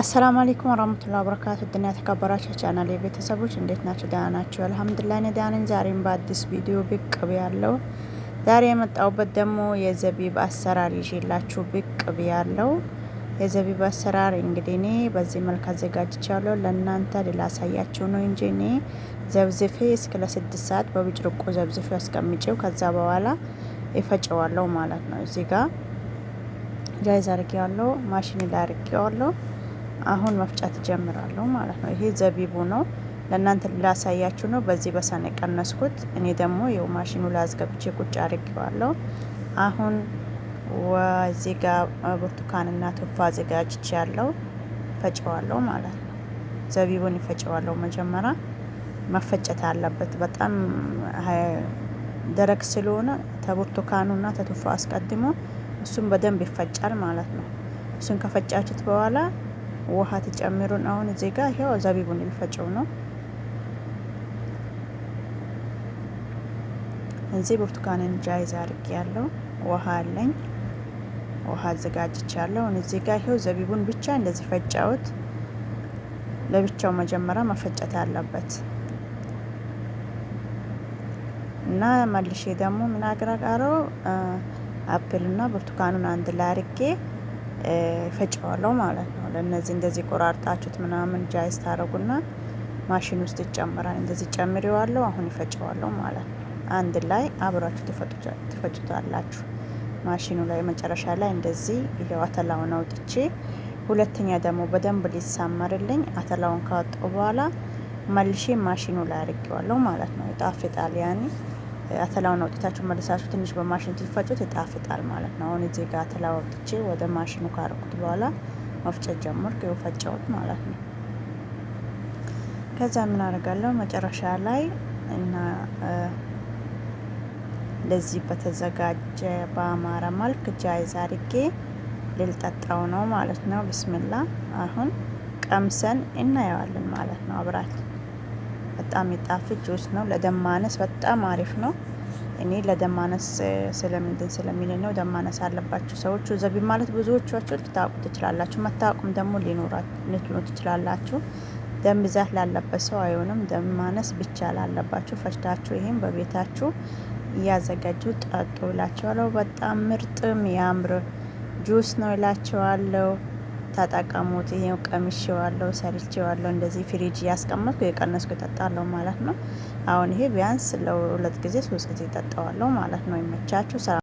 አሰላሙ አለይኩም ወራህመቱላሂ ወበረካቱ ድና የተከበራችሁ ቻናል የቤተሰቦች እንዴት ናቸው? ደህና ናቸው? አልሐምዱሊላህ እኔ ደህና ነኝ። ዛሬም በአዲስ ቪዲዮ ብቅ ብያለሁ። ዛሬ የመጣሁበት ደግሞ የዘቢብ አሰራር ይዤላችሁ ብቅ ብያለሁ። የዘቢብ አሰራር እንግዲህ እኔ በዚህ መልክ አዘጋጅቻለሁ። ለእናንተ ላሳያችሁ ነው እንጂ እኔ ዘብዝፌ እስከ ለስድስት ሰዓት በብጭርቆ ዘብዝፌ አስቀምጬው ከዛ በኋላ ይፈጨዋለሁ ማለት ነው። እዚህ ጋር ጃይዝ አርጌዋለሁ፣ ማሽን ላይ አርጌዋለሁ አሁን መፍጨት ጀምራለሁ ማለት ነው። ይሄ ዘቢቡ ነው፣ ለእናንተ ላሳያችሁ ነው። በዚህ በሰነ ቀነስኩት። እኔ ደግሞ የው ማሽኑ ላዝገብቼ ቁጭ አድርጌዋለሁ። አሁን ወዚህ ጋር ብርቱካንና ቱፋ ዘጋጅች ያለው ፈጨዋለሁ ማለት ነው። ዘቢቡን ይፈጨዋለሁ መጀመሪያ መፈጨት አለበት። በጣም ደረቅ ስለሆነ ተብርቱካኑና ተቱፋ አስቀድሞ እሱን በደንብ ይፈጫል ማለት ነው። እሱን ከፈጫችሁት በኋላ ውሃ ትጨምሩን። አሁን እዚህ ጋር ይኸው ዘቢቡን ልፈጨው ነው። እዚህ ብርቱካንን ጃይዝ አርግ ያለው ውሃ አለኝ። ውሃ አዘጋጅቻለሁ። አሁን እዚህ ጋር ይሄው ዘቢቡን ብቻ እንደዚህ ፈጫውት። ለብቻው መጀመሪያ መፈጨት አለበት እና መልሼ ደግሞ ምን አግራቃረው አፕልና ብርቱካኑን አንድ ላይ አርጌ ፈጨዋለሁ ማለት ነው። ለእነዚህ እንደዚህ ቆራርጣችሁት ምናምን ጃይስ ታደረጉና ማሽን ውስጥ ይጨምራል። እንደዚህ ጨምሬዋለሁ። አሁን ይፈጨዋለሁ ማለት ነው። አንድ ላይ አብራችሁ ትፈጩታላችሁ ማሽኑ ላይ መጨረሻ ላይ እንደዚህ ይሄው አተላውን አውጥቼ ሁለተኛ ደግሞ በደንብ ሊሳመርልኝ አተላውን ካወጣው በኋላ መልሼ ማሽኑ ላይ አድርጌዋለሁ ማለት ነው። ይጣፍጣል ያኔ አተላውን አውጥታችሁ መልሳችሁ ትንሽ በማሽን ትፈጩት ይጣፍጣል ማለት ነው። አሁን እዚህ ጋር አተላው አውጥቼ ወደ ማሽኑ ካረኩት በኋላ መፍጨት ጀመርኩ። ይኸው ፈጨሁት ማለት ነው። ከዛ ምን አደርጋለሁ መጨረሻ ላይ እና ለዚህ በተዘጋጀ በአማረ መልክ ጃይዝ አድርጌ ልልጠጣው ነው ማለት ነው። ብስምላ አሁን ቀምሰን እናየዋለን ማለት ነው አብራችሁ በጣም የሚጣፍጥ ጁስ ነው። ለደማነስ በጣም አሪፍ ነው። እኔ ለደማነስ ስለምንድን ስለሚል ነው። ደማነስ አለባችሁ ሰዎች ዘቢ ማለት ብዙዎቻችሁ ልታውቁ ትችላላችሁ። መታወቁም ደግሞ ሊኖራችሁ ትችላላችሁ። ደም ብዛት ላለበት ሰው አይሆንም። ደማነስ ብቻ ላለባችሁ ፈጭታችሁ ይህም በቤታችሁ እያዘጋጁ ጠጡ ይላቸዋለሁ። በጣም ምርጥ የሚያምር ጁስ ነው ይላቸዋለሁ። ተጠቀሙት። ይሄው ቀምሼዋለሁ፣ ሰርቼዋለሁ። እንደዚህ ፍሪጅ እያስቀመጥኩ የቀነስኩ ይጠጣለሁ ማለት ነው። አሁን ይሄ ቢያንስ ለሁለት ጊዜ ሶስት ጊዜ ይጠጣዋለሁ ማለት ነው። ይመቻችሁ።